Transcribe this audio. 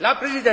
La Presidente.